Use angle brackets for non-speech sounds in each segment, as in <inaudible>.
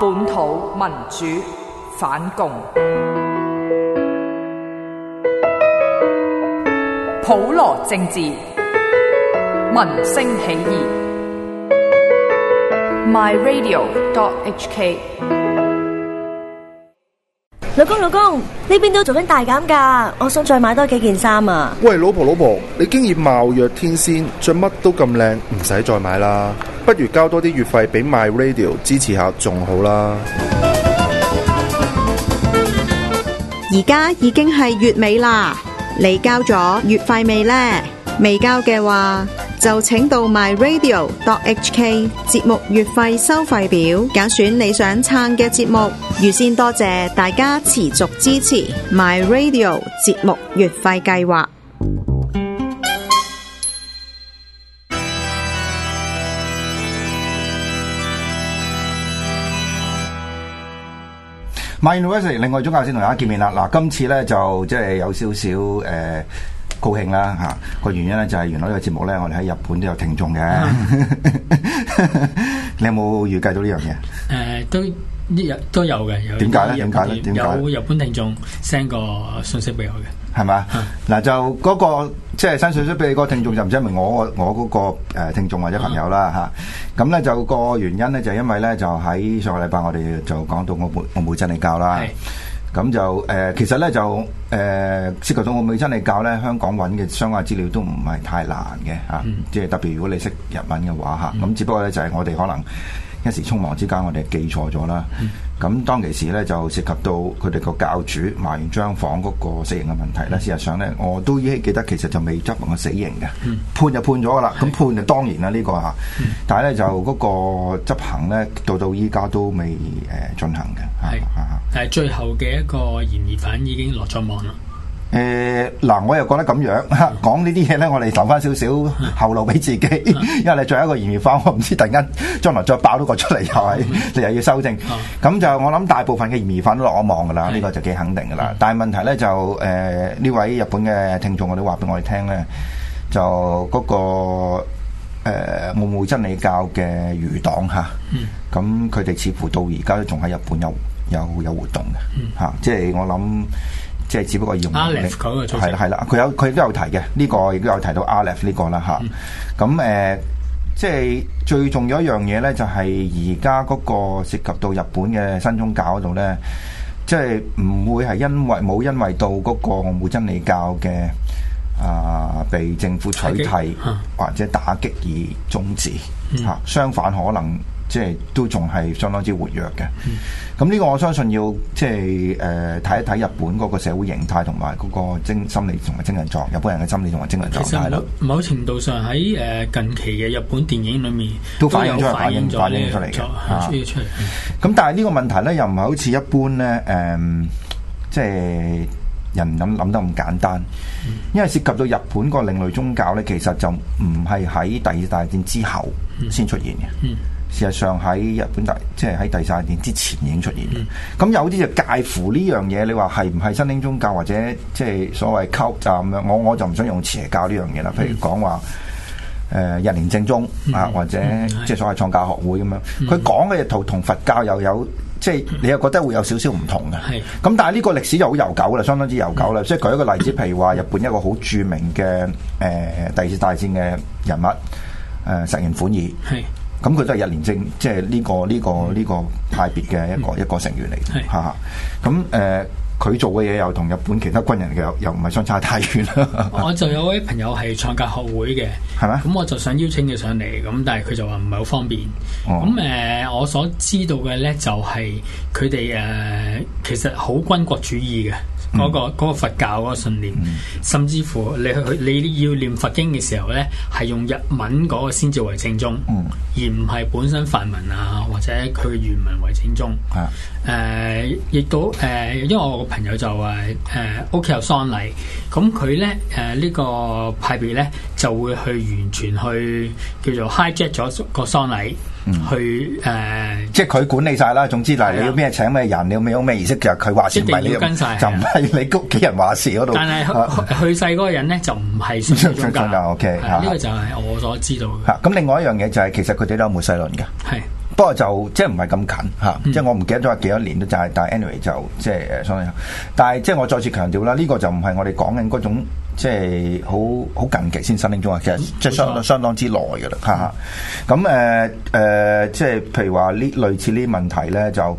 本土民主反共，普羅政治，民聲起義。MyRadio.hk。 <music> 老，公老公，老公，呢邊都做緊大減價，我想再買多幾件衫啊！喂，老婆，老婆，你今日貌若天仙，着乜都咁靚，唔使再買啦。不如交多啲月費俾 My Radio 支持下仲好啦。而家已經係月尾啦，你交咗月費未呢？未交嘅話，就請到 My Radio dot hk 節目月費收費表，揀選你想撐嘅節目。預先多謝大家持續支持 My Radio 節目月費計劃。MyRadio，另類宗教史同大家見面啦。嗱，今次咧就即係有少少誒、呃、高興啦嚇。個、啊、原因咧就係原來呢個節目咧，我哋喺日本都有聽眾嘅。啊、 <laughs> 你有冇預計到呢樣嘢？誒、呃，都啲有都有嘅。點解咧？點解咧？點解？有日本聽眾 send 個信息俾我嘅，係咪吧？嗱、啊，就嗰、那個。即係新水水俾你個聽眾，就唔使問我，我嗰個誒聽眾或者朋友啦嚇，咁咧、嗯啊、就嗰個原因咧就因為咧就喺上個禮拜我哋就講到我冇我冇真係教啦，咁是就誒、呃、其實咧就。誒，涉及到我未真理教咧，香港揾嘅相關資料都唔係太難嘅嚇，即係特別如果你識日文嘅話吓，咁只不過咧就係我哋可能一時匆忙之間我哋記錯咗啦。咁當其時咧就涉及到佢哋個教主賣完張房嗰個死刑嘅問題咧。事實上咧，我都依稀記得其實就未執行個死刑嘅，判就判咗噶啦。咁判就當然啦呢個吓，但係咧就嗰個執行咧到到依家都未誒進行嘅。係但係最後嘅一個嫌疑犯已經落咗網。誒，嗱，我又覺得咁樣，講呢啲嘢咧，我哋留翻少少後路俾自己，因為你仲有一個嫌疑犯，我唔知突然間將來再爆咗個出嚟又係，你又要修正。咁就我諗大部分嘅嫌疑犯都落網噶啦，呢個就幾肯定噶啦。但係問題咧就，誒，呢位日本嘅聽眾，我哋話俾我哋聽咧，就嗰個誒，奧姆真理教嘅餘黨吓，咁佢哋似乎到而家都仲喺日本有有有活動嘅，吓，即係我諗。即係只不過要用，係啦係啦，佢有佢都有提嘅，呢個亦都有提到阿列夫呢個啦嚇。咁誒，即係最重要一樣嘢咧，就係而家嗰個涉及到日本嘅新宗教嗰度咧，即係唔會係因為冇因為到嗰個奧姆真理教嘅啊被政府取締或者打擊而終止嚇，相反可能。即係都仲係相當之活躍嘅，咁呢、嗯、個我相信要即係誒睇一睇日本嗰個社會形態同埋嗰個精心理同埋精神狀，日本人嘅心理同埋精神狀態咯。某程度上喺誒、呃、近期嘅日本電影裏面，都反映咗反映反映出嚟，嘅，反映出嚟。咁但係呢個問題咧，又唔係好似一般咧，誒、嗯，即係人諗諗得咁簡單，因為涉及到日本個另類宗教咧，其實就唔係喺第二大戰之後先出現嘅。嗯嗯事實上喺日本大，即係喺第三年之前已經出現。咁有啲就介乎呢樣嘢，你話係唔係新興宗教或者即係所謂溝站咁樣，我我就唔想用邪教呢樣嘢啦。譬如講話誒日蓮正宗啊，或者即係所謂創價學會咁樣，佢講嘅嘢同同佛教又有即係、就是、你又覺得會有少少唔同嘅。咁但係呢個歷史就好悠久啦，相當之悠久啦。即係舉一個例子，譬如話日本一個好著名嘅誒第二次大戰嘅人物誒，石、呃、原莞爾係。咁佢都係日蓮正，即係呢、這個呢、這個呢、這個派別嘅一個、嗯、一個成員嚟，吓咁誒，佢、 <laughs> 呃、做嘅嘢又同日本其他軍人嘅又唔係相差太遠啦。我就有位朋友係創價學會嘅，係咩嗎？咁我就想邀請佢上嚟，咁但係佢就話唔係好方便。咁誒、哦呃，我所知道嘅咧就係佢哋誒，其實好軍國主義嘅。嗰個嗰個佛教嗰個信念。嗯、甚至乎你去你要念佛經嘅時候咧，係用日文嗰個先至為正宗，嗯、而唔係本身梵文啊或者佢嘅原文為正宗。誒、嗯呃，亦都誒、呃，因為我個朋友就話誒屋企有喪禮，咁佢咧誒呢、呃呢個派別咧就會去完全去叫做 hijack 咗個喪禮。嗯、去誒，uh, 即係佢管理晒啦。總之嗱，的你要咩請咩人，你要咩屋咩儀式，就佢話事，唔係你跟晒。就唔係你屋企人話事嗰度。但係去世嗰個人咧，就唔係先。管家、 <laughs> 嗯。O K，呢個就係我所知道。嚇、啊，咁另外一樣嘢就係、是、其實佢哋都有末世論嘅。係的，不過就即係唔係咁近嚇，即係、啊嗯、我唔記得咗係幾多年都就係，但係 anyway 就即係誒但係即係我再次強調啦，呢、這個就唔係我哋講緊嗰種。即係好好近極先，十年鐘啊！其實即係相相當之耐嘅啦，嚇咁誒誒，即係譬如話呢類似呢啲問題咧，就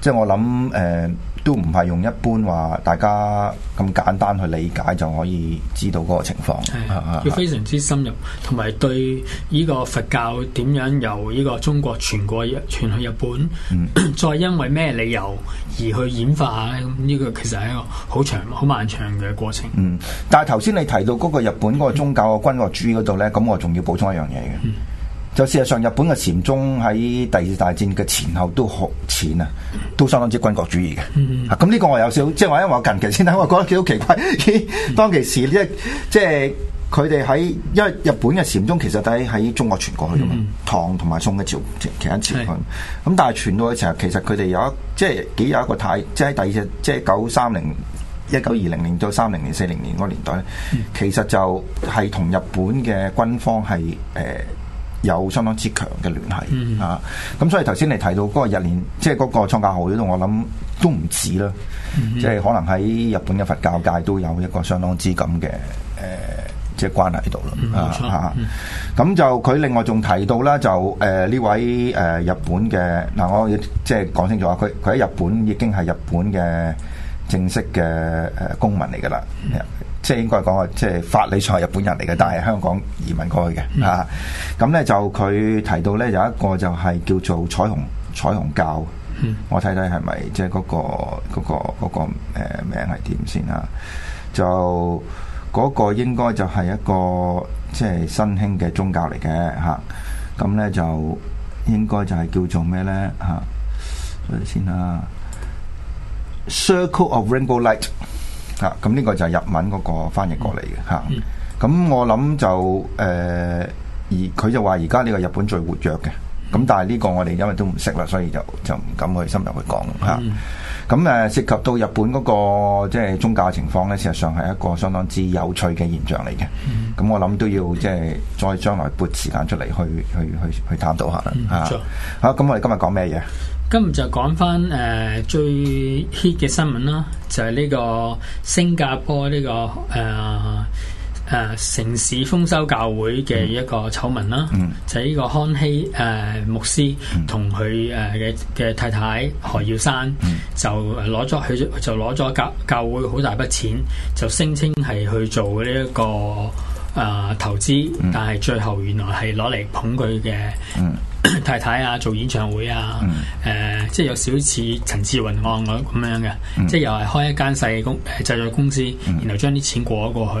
即係我諗誒。呃都唔係用一般話，大家咁簡單去理解就可以知道嗰個情況。係的、嗯、要非常之深入，同埋的對呢個佛教點樣由呢個中國傳過，傳去日本，嗯、再因為咩理由而去演化咧？呢、這個其實係一個好長、好漫長嘅過程。嗯，但係頭先你提到嗰個日本嗰個宗教嘅軍國主義嗰度呢，咁、嗯、我仲要補充一樣嘢嘅。嗯就事實上，日本嘅禪宗喺第二次大戰嘅前後都好淺啊，都相當之軍國主義嘅。咁呢、mm hmm. 啊，這個我有少，即係話因為我近期先睇，我覺得幾好奇怪。 <laughs> 當其時，即係即係佢哋喺因為日本嘅禪宗其實都喺中國傳過去嘅嘛，mm hmm. 唐同埋宋嘅朝，其他朝代。咁、mm hmm. 嗯、但係傳到嘅時候，其實佢哋有一即係幾有一個太，即係喺第二隻，即係九三零一九二零年到三零年四零年嗰年代咧，mm hmm. 其實就係同日本嘅軍方係誒。呃有相當之強嘅聯繫、嗯、啊！咁所以頭先你提到嗰個日蓮，即係嗰個創教號嗰度，我諗都唔止啦。嗯、即係可能喺日本嘅佛教界，都有一個相當之咁嘅誒，即係關係喺度啦。嗯、啊，咁就佢另外仲提到啦，就誒呢、呃、位誒、呃、日本嘅嗱、呃，我即係講清楚啊，佢佢喺日本已經係日本嘅正式嘅誒公民嚟㗎啦。嗯即係應該講話，即係法理上係日本人嚟嘅，但係香港移民過去嘅嚇。咁咧就佢提到咧有一個就係叫做彩虹彩虹教。我睇睇係咪即係嗰個嗰個嗰個誒名係點先啊？就嗰個應該就係一個即係新興嘅宗教嚟嘅嚇。咁咧就應該就係叫做咩咧嚇？等先啊，Circle of Rainbow Light。啊，咁呢個就係日文嗰個翻譯過嚟嘅吓。咁、啊、我諗就誒、呃，而佢就話而家呢個日本最活躍嘅。咁、啊、但係呢個我哋因為都唔識啦，所以就就唔敢去深入去講吓。咁、啊、誒、嗯啊，涉及到日本嗰、那個即係、就是、宗教情況呢，事實上係一個相當之有趣嘅現象嚟嘅。咁、嗯啊、我諗都要即係再將來撥時間出嚟去去去去探討下啦。好、啊，好、嗯，咁、啊啊、我哋今日講咩嘢？今日就講翻誒最 hit 嘅新聞啦，就係、是、呢個新加坡呢、這個誒誒、呃呃、城市豐收教會嘅一個醜聞啦，嗯、就係呢個康熙誒、呃、牧師同佢誒嘅嘅太太何耀珊，嗯、就攞咗佢就攞咗教教會好大筆錢，就聲稱係去做呢、這、一個誒、呃、投資，嗯、但係最後原來係攞嚟捧佢嘅。嗯太太啊，做演唱會啊，誒、mm hmm. 呃，即係有少少似陳志雲案咁樣嘅，mm hmm. 即係又係開一間細公製作公司，mm hmm. 然後將啲錢過咗過去，咁、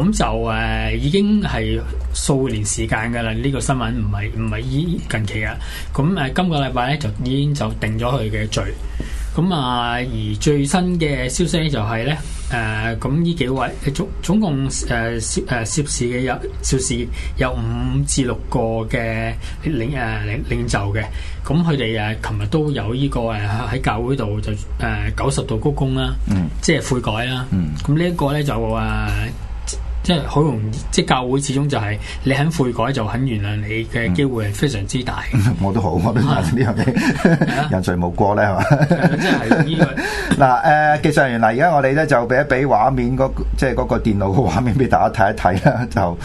mm hmm. 就誒、呃、已經係數年時間㗎啦。呢、這個新聞唔係唔係依近期啊，咁誒、呃、今個禮拜咧就已經就定咗佢嘅罪。咁啊！而最新嘅消息咧就係、是、咧，誒咁呢幾位總總共誒涉誒涉事嘅有涉事有五至六個嘅領誒領領，領袖嘅，咁佢哋誒琴日都有呢、這個誒喺教會就、呃、度就誒九十度鞠躬啦，即係悔改啦。咁呢一個咧就是嗯、啊～即係好容易，即係教會始終就係你肯悔改就肯原諒你嘅機會係非常之大、嗯。我都好，我都係呢樣嘢，人財無過人誰無過咧，係嘛、 <laughs> 啊？即係呢個嗱，誒、 <laughs> 啊，結、呃、上完啦，而家我哋咧就俾一俾畫面、那個、即係嗰個電腦個畫面俾大家睇一睇啦，就誒。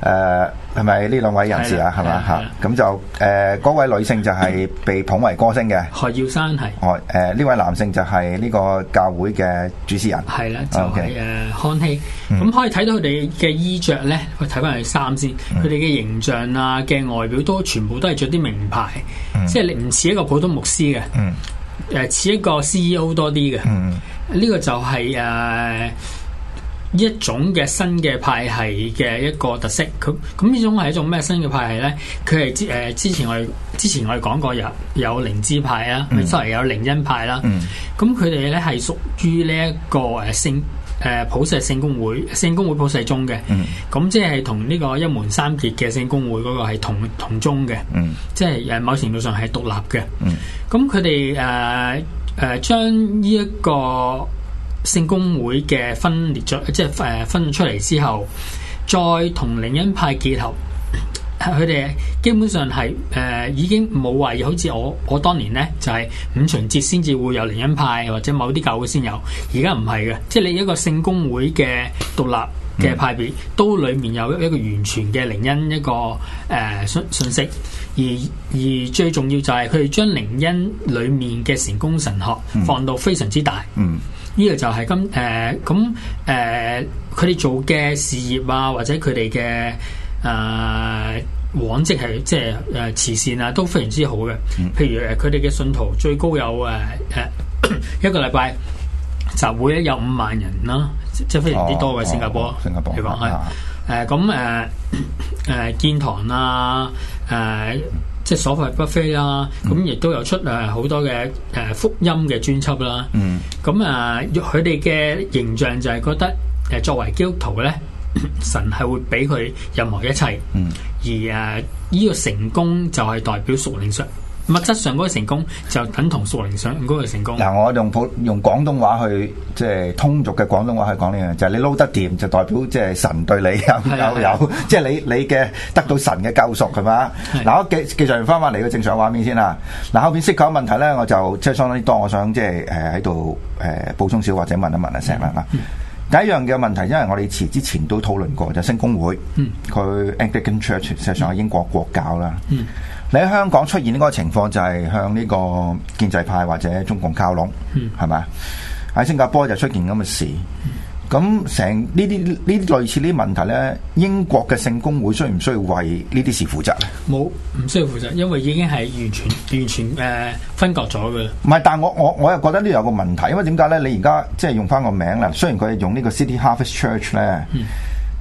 呃係咪呢兩位人士啊？係嘛吓？咁就誒，嗰位女性就係被捧為歌星嘅，何耀珊係。哦，誒，呢位男性就係呢個教會嘅主持人。係啦，就係誒，康希。咁可以睇到佢哋嘅衣着咧，我睇翻佢衫先。佢哋嘅形象啊，嘅外表都全部都係着啲名牌，即係唔似一個普通牧師嘅。嗯。誒，似一個 CEO 多啲嘅。嗯。呢個就係誒。一種嘅新嘅派系嘅一個特色，咁咁呢種係一種咩新嘅派系咧？佢係誒之前我哋之前我哋講過有有靈知派啦，所謂、嗯、有靈恩派啦。嗯。咁佢哋咧，係屬於呢一個誒聖誒、呃、普世聖公會聖公會普世宗嘅。嗯。咁即係同呢個一門三傑嘅聖公會嗰個係同同宗嘅。嗯。即。即係誒某程度上係獨立嘅。嗯。咁佢哋誒誒將呢一個。聖公會嘅分裂咗，即係誒分出嚟，之後，再同靈恩派結合，佢哋基本上係誒、呃、已經冇話，好似我我當年呢，就係、是、五旬節先至會有靈恩派，或者某啲教會先有，而家唔係嘅，即係你一個聖公會嘅獨立嘅派別，嗯、都裏面有一一個完全嘅靈恩一個誒信、呃、信息，而而最重要就係佢哋將靈恩裏面嘅成功神學放到非常之大。嗯嗯呢個就係咁誒，咁誒佢哋做嘅事業啊，或者佢哋嘅誒往績係即係誒慈善啊，都非常之好嘅。譬如誒，佢哋嘅信徒最高有誒誒、uh, 一個禮拜集會咧，有五萬人啦，哦、即係非常之多喎，新、哦 mm, 加坡。新、哦、加坡係嘛？咁誒誒建堂啊，誒、啊。Quindi, 啊即係所謂不菲啦，咁亦都有出誒好多嘅誒福音嘅專輯啦。嗯，咁啊，佢哋嘅形象就係覺得誒，作為基督徒咧，神係會俾佢任何一切，嗯，而誒呢個成功就係代表屬靈上。物質上嗰個成功就等同屬靈上嗰個成功。嗱，我用普用廣東話去即係通俗嘅廣東話去講呢，就係、是、你撈得掂，就代表即係神對你、啊、有有、啊、即係你你嘅得到神嘅救贖係嘛？嗱，我記記上翻翻嚟個正常畫面先啊！嗱，後邊識扣問題咧，我就即係相當於當我想即係誒喺度誒補充少或者問一問啊成文啊。嗯、第一樣嘅問題，因為我哋遲之前都討論過就聖、是、公會，佢 Anglican Church 實際上係英國國，國教啦。嗯嗯你喺香港出現呢個情況，就係向呢個建制派或者中共靠攏，係咪、嗯？喺新加坡就出現咁嘅事，咁成呢啲呢啲類似呢啲問題呢，英國嘅聖公會需唔需要為呢啲事負責咧？冇，唔需要負責，因為已經係完全完全誒、呃、分割咗嘅。唔係，但係我我我又覺得呢度有個問題，因為點解呢？你而家即係用翻個名啦，雖然佢係用呢個 City Harvest Church 呢。嗯。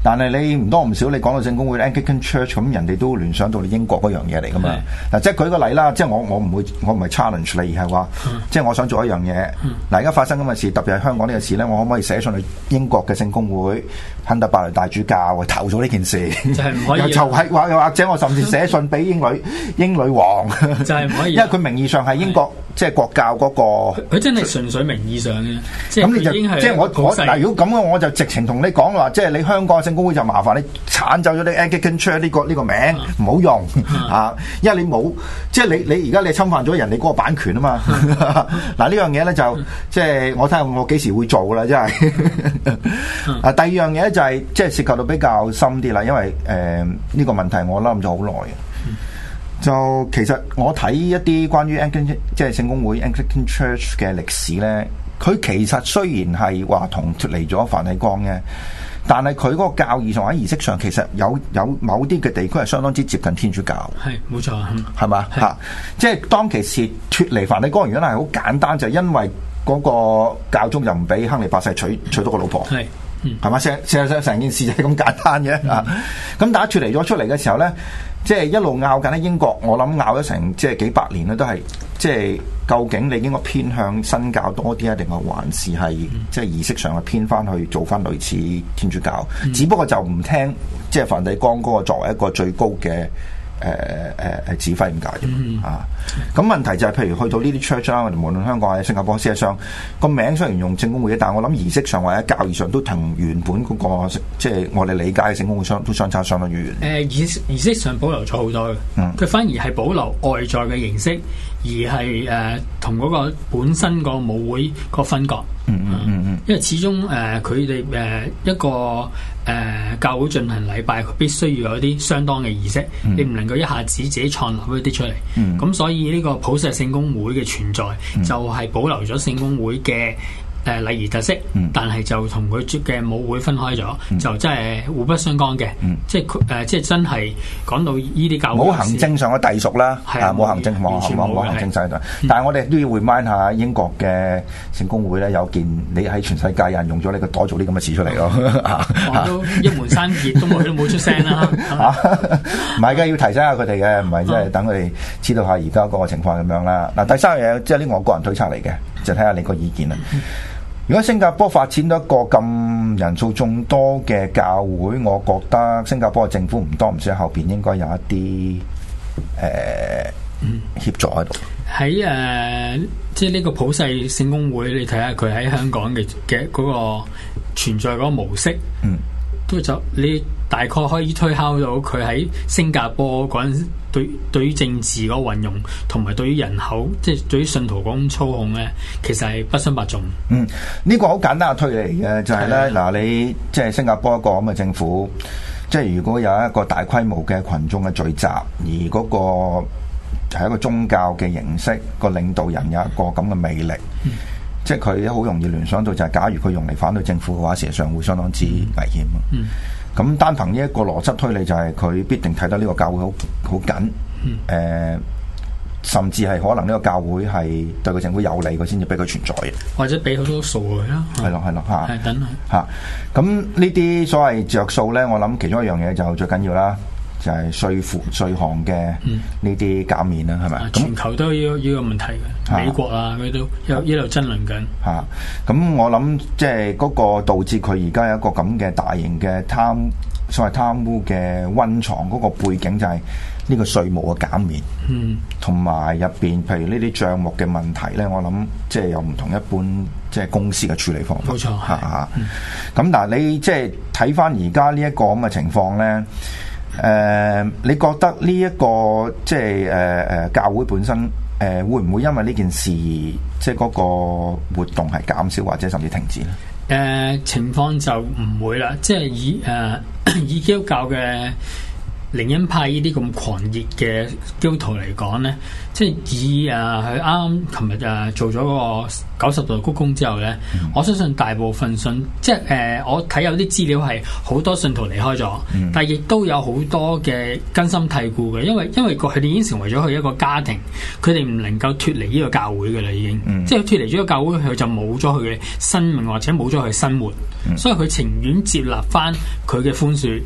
但係你唔多唔少，你講到聖公會 Anglican Church，咁人哋都聯想到你英國嗰樣嘢嚟㗎嘛？嗱是、啊，即係舉個例啦，即係我我唔會我唔係 challenge 你，而係話，嗯、即係我想做一樣嘢。嗱，而家發生咁嘅事，特別係香港呢個事咧，我可唔可以寫信去英國嘅聖公會肯特伯雷大主教投咗呢件事？就係唔可以、啊又，又投係或又或者我甚至寫信俾英女 <laughs> 英女王， <laughs> 就係唔可以、啊，因為佢名義上係英國是。 <laughs> 即係國教嗰個，佢真係純粹名義上嘅。咁你就即係我嗱，如果咁樣，我就直情同你講話，即係你香港聖公會就麻煩你剷走咗你 Anglican Church 呢個呢個名，唔好用啊，因為你冇即係你你而家你侵犯咗人哋嗰個版權啊嘛。嗱呢樣嘢咧就即係我睇下我幾時會做啦，即係啊。第二樣嘢咧就係即係涉及到比較深啲啦，因為誒呢個問題我諗咗好耐。就其實我睇一啲關於 Anglican 即係聖公會 Anglican Church 嘅歷史咧，佢其實雖然係話同脫離咗梵蒂岡嘅，但係佢嗰個教義同喺儀式上，其實有有某啲嘅地區係相當之接近天主教。係冇錯，係嘛嚇？即係當其時脫離梵蒂岡，原因係好簡單，就係、因為嗰個教宗就唔俾亨利八世娶娶到個老婆。係，嗯，係嘛？成成成件事就係咁簡單嘅啊！咁、嗯嗯、但係脫離咗出嚟嘅時候咧。即係一路拗緊咧，英國我諗拗咗成即係幾百年咧，都係即係究竟你應該偏向新教多啲啊，定係還是係即係儀式上係偏翻去做翻類似天主教？嗯、只不過就唔聽即係梵蒂岡嗰個作為一個最高嘅。誒誒誒指揮唔解嘅，嗯嗯嗯、啊咁問題就係、是，譬如去到呢啲 church 啦，我哋無論香港或者新加坡私家商，個名雖然用正公會嘅，但我諗儀式上或者教義上都同原本嗰、那個即係我哋理解嘅正公會商都相差相當遠。誒儀、呃、儀式上保留咗好多嘅，佢反而係保留外在嘅形式，而係誒同嗰個本身個母會個分割。嗯嗯嗯。嗯嗯。因為始終誒佢哋誒一個誒、呃、教會進行禮拜，佢必須要有啲相當嘅儀式，嗯、你唔能夠一下子自己創立一啲出嚟。咁、嗯、所以呢個普世聖公會嘅存在，嗯、就係保留咗聖公會嘅。誒，禮儀特色，但係就同佢嘅母會分開咗，就真係互不相干嘅，即係誒，即係真係講到呢啲教會冇行政上嘅隸屬啦，啊，冇行政冇冇冇行政制度。但係我哋都要 remind 下英國嘅聖公會咧，有件你喺全世界有人用咗你個朵做啲咁嘅事出嚟咯，都一門三傑都冇，都冇出聲啦。唔係，梗係要提醒下佢哋嘅，唔係即係等佢哋知道下而家個情況咁樣啦。嗱，第三樣嘢即係呢我個人推測嚟嘅，就睇下你個意見啦。如果新加坡發展到一個咁人數眾多嘅教會，我覺得新加坡嘅政府唔多唔少，後邊應該有一啲誒協助喺度。喺誒，uh, 即係呢個普世聖公會，你睇下佢喺香港嘅嘅嗰個存在嗰個模式，嗯，都就你。大概可以推敲到佢喺新加坡嗰陣對對於政治個運用，同埋對於人口，即係對於信徒嗰種操控咧，其實係不相伯仲。嗯，呢個好簡單嘅推理嘅就係咧，嗱你即係新加坡一個咁嘅政府，即係如果有一個大規模嘅群眾嘅聚集，而嗰個係一個宗教嘅形式，個領導人有一個咁嘅魅力，嗯，即係佢好容易聯想到就係，假如佢用嚟反對政府嘅話，事實上會相當之危險。嗯。咁單憑呢一個邏輯推理，就係、是、佢必定睇得呢個教會好好緊，誒、嗯呃，甚至係可能呢個教會係對個政府有利，佢先至俾佢存在嘅，或者俾好多數佢啦，係咯係咯嚇，係等等。咁呢啲所謂着數咧，我諗其中一樣嘢就最緊要啦。就係稅負、稅項嘅呢啲減免啦，係咪？全球都有呢個問題嘅，啊、美國啊，佢都一路爭論緊。嚇、啊！咁我諗，即係嗰個導致佢而家有一個咁嘅大型嘅貪，所謂貪污嘅溫床嗰個背景，就係呢個稅務嘅減免。嗯。同埋入邊，譬如呢啲帳目嘅問題咧，我諗即係有唔同一般即係公司嘅處理方法。冇錯。嚇嚇、啊。咁嗱、嗯，但你即係睇翻而家呢一個咁嘅情況咧。誒，uh, 你覺得呢、這、一個即係誒誒，uh, 教會本身誒，uh, 會唔會因為呢件事，即係嗰個活動係減少或者甚至停止咧？誒，uh, 情況就唔會啦，即係以誒、uh, <coughs> 以基督教嘅。靈恩派呢啲咁狂熱嘅基督徒嚟講呢，即係以啊佢啱啱琴日啊做咗個九十度鞠躬之後呢，嗯、我相信大部分信即係、呃、我睇有啲資料係好多信徒離開咗，嗯、但係亦都有好多嘅根深蒂固嘅，因為因為佢哋已經成為咗佢一個家庭，佢哋唔能夠脫離呢個教會㗎喇，已經，嗯、即係脫離咗個教會佢就冇咗佢嘅生命或者冇咗佢生活，嗯、所以佢情願接納翻佢嘅寬恕。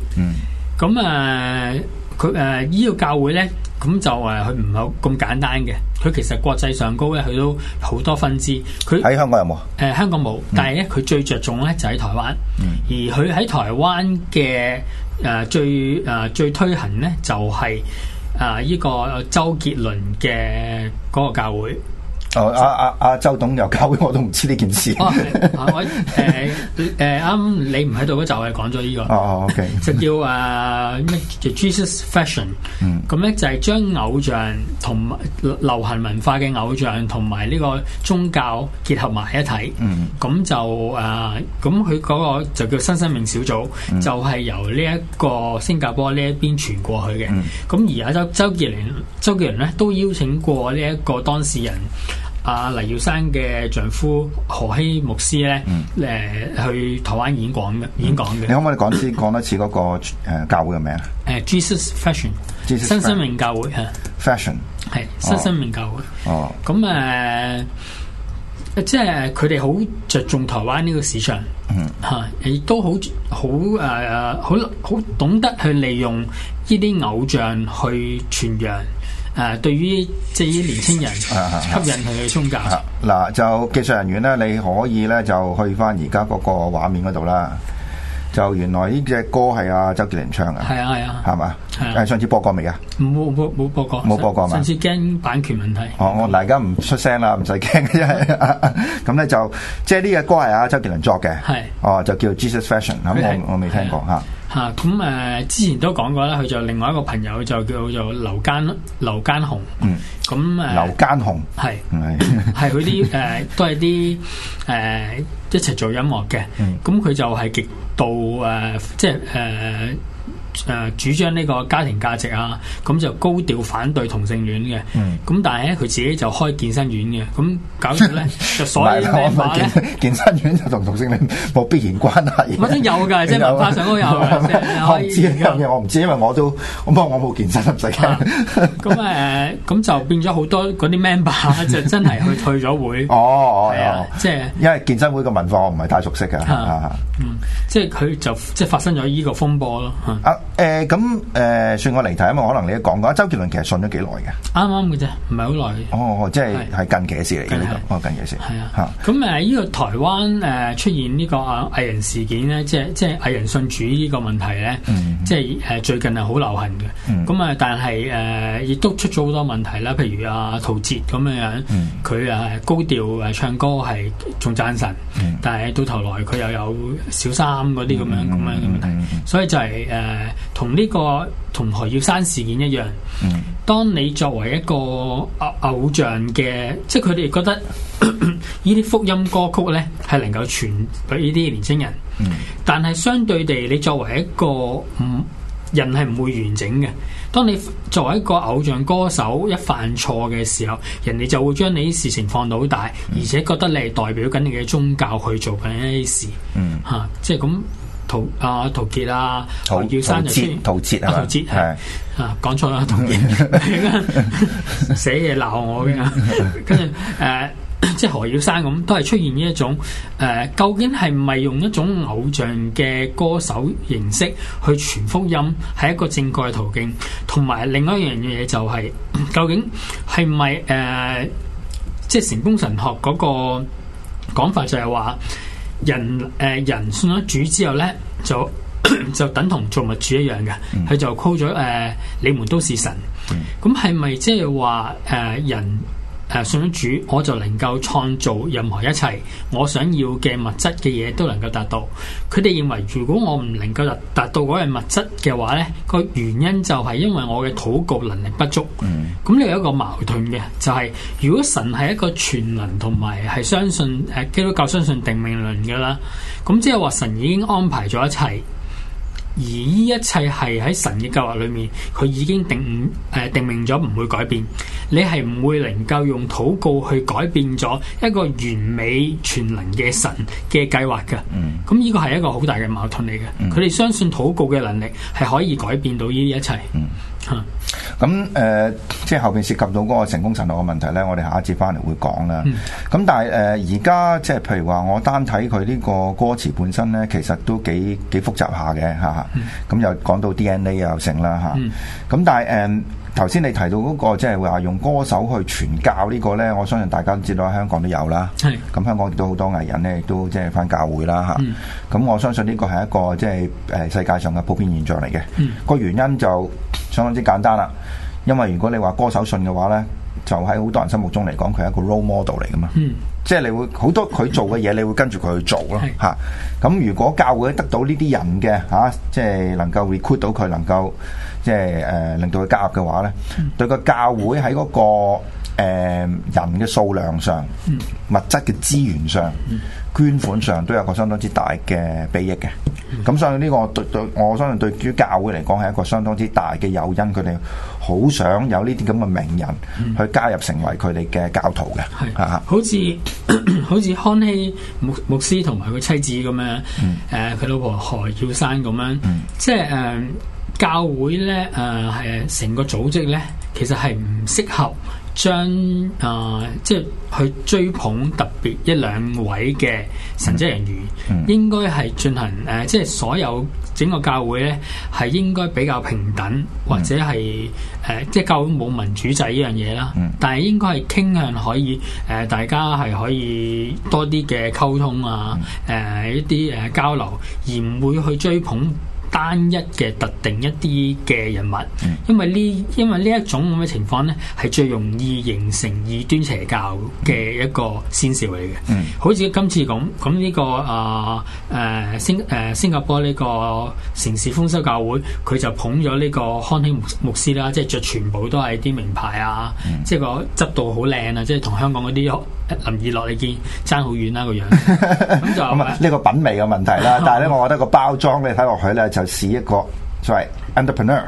咁、嗯、啊，佢誒依個教會咧，咁、嗯、就誒佢唔係咁簡單嘅。佢其實國際上高咧，佢都好多分支。佢喺香港有冇？誒、呃、香港冇，嗯、但係咧佢最着重咧就喺、是、台灣。嗯、而佢喺台灣嘅誒最誒、呃、最推行咧，就係誒依個周杰倫嘅嗰個教會。哦，阿阿周董又交俾我都唔知呢件事。哦、 <laughs> ah, uh, uh, uh, um,，我誒啱你唔喺度嗰集，係講咗呢個。哦 OK 就叫誒咩、uh, Jesus Fashion。嗯。咁咧、嗯、就係將偶像同流行文化嘅偶像同埋呢個宗教結合埋一體。嗯。咁就誒，咁佢嗰個就叫新生命小組，嗯、就係由呢一個新加坡呢一邊傳過去嘅。嗯。咁而家周周杰倫，周杰倫咧都邀請過呢一個當事人。阿、啊、黎耀珊嘅丈夫何希牧師咧，誒、嗯呃、去台灣演講嘅，演講嘅。你可唔可以講先，講多 <coughs> 次嗰、那個誒、呃、教會嘅名啊？誒，Jesus Fashion，新生命教會啊。Fashion 係新生命教會。Fashion, 教會哦。咁誒、嗯，即係佢哋好着重台灣呢個市場，吓、嗯，亦、嗯、都好好誒，好好、啊、懂得去利用呢啲偶像去傳揚。誒，對於即係年輕人，吸引佢去衝價。嗱，就技術人員咧，你可以咧就去翻而家嗰個畫面嗰度啦。就原來呢隻歌係阿周杰倫唱嘅，係啊係啊，係嘛？誒，上次播過未啊？冇冇冇播過，冇播過嘛？上次驚版權問題。哦，我大家唔出聲啦，唔使驚。因為咁咧就，即係呢隻歌係阿周杰倫作嘅，係。哦，就叫 Jesus Fashion，我我未聽過吓。吓，咁誒、啊，之前都講過啦，佢就另外一個朋友就叫做劉間劉間雄，嗯，咁誒、嗯，劉間雄係係係佢啲誒，都係啲誒一齊做音樂嘅，咁佢、嗯、就係極度誒、呃，即係誒。呃誒，主張呢個家庭價值啊，咁就高調反對同性戀嘅。咁但係咧，佢自己就開健身院嘅。咁搞到就所有咩？健身院就同同性戀冇必然關係。咪先有噶，即係文化上都有。我唔知我唔知，因為我都，咁不過我冇健身啊，唔使驚誒，咁就變咗好多嗰啲 member 就真係去退咗會。哦係啊，即係。因為健身會嘅文化我唔係太熟悉噶。即係佢就即係發生咗呢個風波咯。誒，咁誒、呃，算我嚟睇啊嘛，可能你都講過。周杰倫其實信咗幾耐嘅？啱啱嘅啫，唔係好耐。哦，即係係近期嘅事嚟嘅呢個，是哦，近期嘅事。係啊，咁誒、嗯，呢個台灣誒出現呢個啊藝人事件咧，嗯、即係即係藝人信主呢個問題咧，嗯、即係誒最近係好流行嘅。咁啊、嗯，但係誒亦都出咗好多問題啦，譬如阿陶喆咁樣，佢啊、嗯、高調誒唱歌係仲讚神，嗯、但係到頭來佢又有小三嗰啲咁樣咁樣嘅問題，所以就係誒。嗯嗯嗯同呢、這個同何耀珊事件一樣，嗯、當你作為一個偶偶像嘅，即係佢哋覺得呢啲 <coughs> 福音歌曲呢係能夠傳俾呢啲年青人，嗯、但係相對地，你作為一個唔人係唔會完整嘅。當你作為一個偶像歌手一犯錯嘅時候，人哋就會將你啲事情放到好大，嗯、而且覺得你係代表緊你嘅宗教去做緊呢啲事，吓、嗯啊，即係咁。陶啊，陶傑啊，何耀珊就陶喆哲吧啊，陶喆係啊，講錯啦，陶傑寫嘢鬧我嘅。跟住，誒，即係何耀珊咁，都係出現呢一種誒，究竟係唔係用一種偶像嘅歌手形式去傳福音，係一個正確嘅途徑？同埋另外一樣嘢就係，究竟係唔係誒，即係成、呃、功神學嗰個講法就係話？人誒、呃、人信咗主之後咧，就 <coughs> 就等同造物主一樣嘅，佢、嗯、就 call 咗誒你們都是神。咁係咪即係話誒人？誒，信主我就能夠創造任何一切，我想要嘅物質嘅嘢都能夠達到。佢哋認為如果我唔能夠達到嗰樣物質嘅話呢、呢個原因就係因為我嘅禱告能力不足。咁你有一個矛盾嘅，就係、是、如果神係一個全能，同埋係相信基督教相信定命論嘅啦，咁即係話神已經安排咗一切。而呢一切係喺神嘅計劃裏面，佢已經定誒、呃、定命咗，唔會改變。你係唔會能夠用禱告去改變咗一個完美全能嘅神嘅計劃嘅。咁呢、嗯、個係一個好大嘅矛盾嚟嘅。佢哋、嗯、相信禱告嘅能力係可以改變到呢一切。嗯咁誒、呃，即係後邊涉及到嗰個成功神學嘅問題呢，我哋下一節翻嚟會講啦。咁、嗯、但係誒，而、呃、家即係譬如話，我單睇佢呢個歌詞本身呢，其實都幾幾複雜下嘅吓。咁、啊嗯、又講到 DNA 又成啦吓。咁、啊啊、但係誒。呃頭先你提到嗰、那個即係話用歌手去傳教呢、這個呢，我相信大家都知道香港都有啦。係咁，香港亦都好多藝人呢，亦都即係返教會啦嚇。咁、嗯、我相信呢個係一個即係誒世界上嘅普遍現象嚟嘅。個、嗯、原因就相當之簡單啦，因為如果你話歌手信嘅話呢，就喺好多人心目中嚟講，佢係一個 role model 嚟㗎嘛。嗯即係你會好多佢做嘅嘢，你會跟住佢去做咯嚇。咁是、啊、如果教會得到呢啲人嘅嚇、啊，即係能夠 recruit 到佢，能夠即係誒、呃、令到佢加入嘅話咧，嗯、對個教會喺嗰、嗰個、呃、人嘅數量上、嗯、物質嘅資源上、嗯、捐款上都有個相當之大嘅裨益嘅。咁所以呢個對對，我相信對於教會嚟講係一個相當之大嘅誘因，佢哋。好想有呢啲咁嘅名人、嗯、去加入成為佢哋嘅教徒嘅，係是、啊、好似 <coughs> 好似康希牧牧師同埋佢妻子咁樣，誒佢、嗯呃、老婆何耀珊咁樣，嗯、即係誒、呃、教會咧誒係成個組織咧，其實係唔適合將誒、呃、即係去追捧特別一兩位嘅神職人員，嗯嗯嗯、應該係進行誒、呃、即係所有。整個教會咧係應該比較平等，或者係誒、呃、即係教會冇民主制呢樣嘢啦。但係應該係傾向可以誒、呃，大家係可以多啲嘅溝通啊，誒、呃、一啲誒、呃、交流，而唔會去追捧。單一嘅特定一啲嘅人物，因為呢因為呢一種咁嘅情況咧，係最容易形成異端邪教嘅一個先兆嚟嘅。嗯、好似今次咁，咁呢、呢個啊誒新誒新加坡呢個城市豐收教會，佢就捧咗呢個康希牧牧師啦，即係着全部都係啲名牌啊，嗯、即係個質度好靚啊，即係同香港嗰啲林義樂已經爭好遠啦個樣。咁就咁啊，呢 <laughs> 就個品味嘅問題啦，但係咧， <laughs> 我覺得個包裝你睇落去咧就。是一個所謂 entrepreneur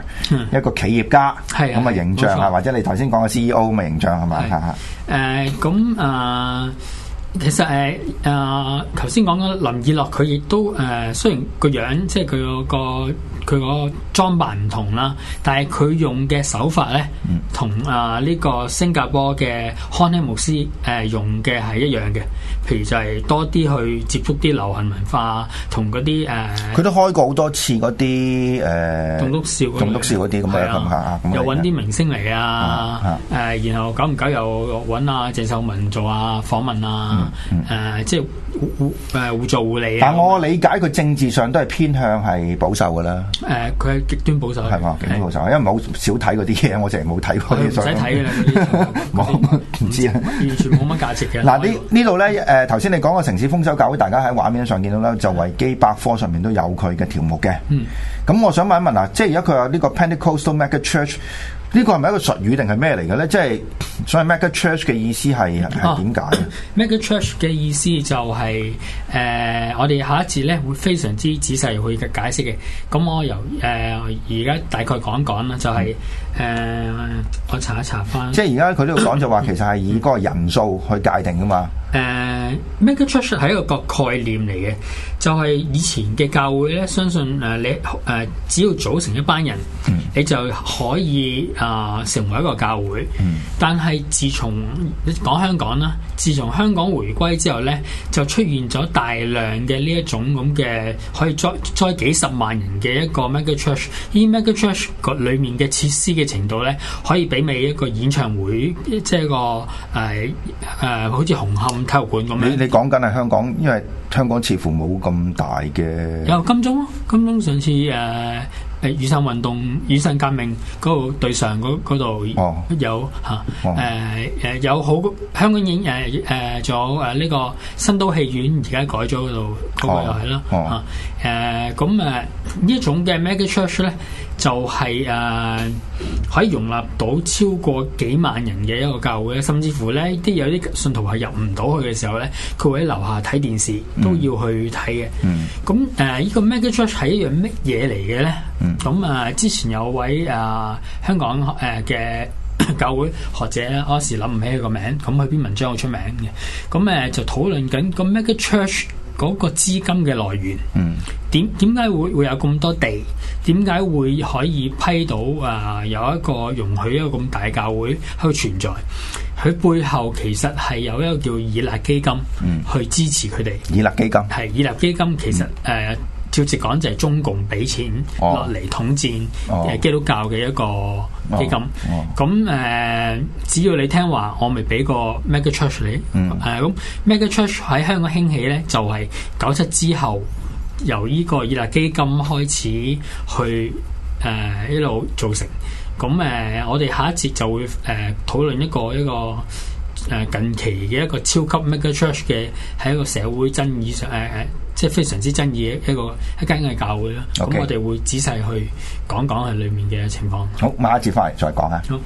一個企業家係咁嘅形象啊，或者你頭先講嘅 CEO 嘅形象係咪啊？誒，咁啊。其實誒誒，頭先講緊林以樂佢亦都誒，雖然個樣即係佢個佢個裝扮唔同啦，但係佢用嘅手法咧，同啊呢個新加坡嘅康希牧師誒用嘅係一樣嘅。譬如就係多啲去接觸啲流行文化，同嗰啲誒。佢都開過好多次嗰啲誒，棟篤笑，棟篤笑嗰啲咁嘅風格啊，又揾啲明星嚟啊，誒，然後久唔久又揾阿鄭秀文做啊訪問啊。誒，即係互互誒互助互但我理解佢政治上都係偏向係保守噶啦。誒，佢係極端保守。係嘛，極端保守。因為冇少睇嗰啲嘢，我成日冇睇過。唔使睇嘅啦，冇唔知啊，完全冇乜價值嘅。嗱，呢呢度咧，誒，頭先你講嘅城市豐收教會，大家喺畫面上見到咧，就維基百科上面都有佢嘅條目嘅。咁我想問一問啊，即係而家佢有呢個 Pentecostal megachurch，呢個係咪一個術語定係咩嚟嘅咧？即係。所以 mega church 嘅意思係係點解？mega church 嘅意思就係、是、誒、呃、我哋下一節咧會非常之仔細去嘅解釋嘅。咁我由誒而家大概講一講啦、就是，就係誒我查一查翻。即係而家佢呢度講就話其實係以嗰個人數去界定噶嘛。誒、uh, mega church 係一個概念嚟嘅，就係、是、以前嘅教會咧，相信誒你誒只要組成一班人，mm. 你就可以啊、呃、成為一個教會，mm. 但係。係自從講香港啦，自從香港回歸之後咧，就出現咗大量嘅呢一種咁嘅可以載載幾十萬人嘅一個 mega church，mega church 個裡面嘅設施嘅程度咧，可以媲美一個演唱會，即係一個誒、呃呃、好似紅磡體育館咁樣。你你講緊係香港，因為香港似乎冇咁大嘅。有金鐘咯，金鐘上次誒。呃係、呃、雨傘運動、雨傘革命嗰、嗰個對上嗰度有嚇誒誒有好香港影誒誒，仲誒呢個新都戲院而家改咗嗰度嗰個又係啦，嚇誒咁誒呢一種嘅 mega church 咧。就係、是、誒、啊，可以容納到超過幾萬人嘅一個教會咧，甚至乎咧啲有啲信徒係入唔到去嘅時候咧，佢會喺樓下睇電視，都要去睇嘅。咁誒、嗯，啊這個、呢個 Megachurch 係一樣乜嘢嚟嘅咧？咁、嗯、啊，之前有位誒、啊、香港誒嘅、啊、 <coughs> 教會學者咧，我時諗唔起佢個名，咁佢篇文章好出名嘅，咁誒、啊、就討論緊個 Megachurch 嗰個資金嘅來源。嗯點點解會會有咁多地？點解會可以批到啊、呃？有一個容許一個咁大教會喺度存在？佢背後其實係有一個叫以立基金，去支持佢哋、嗯。以立基金係以立基金，其實誒、嗯啊，照直講就係中共俾錢落嚟統戰、哦哦、基督教嘅一個基金。咁誒、哦哦呃，只要你聽話，我咪俾個 mega church 你。誒、嗯、咁、啊、mega church 喺香港興起咧，就係九七之後。由呢個以鬧基金開始去誒、呃、一路做成，咁誒、呃、我哋下一節就會誒、呃、討論一個一個誒近期嘅一個超級 mega church 嘅喺一個社會爭議上誒誒，即係非常之爭議嘅一個，一，個一間嘅教會啦。咁 Okay. 我哋會仔細去講講喺裡面嘅情況。好，下一節翻嚟再講啊。好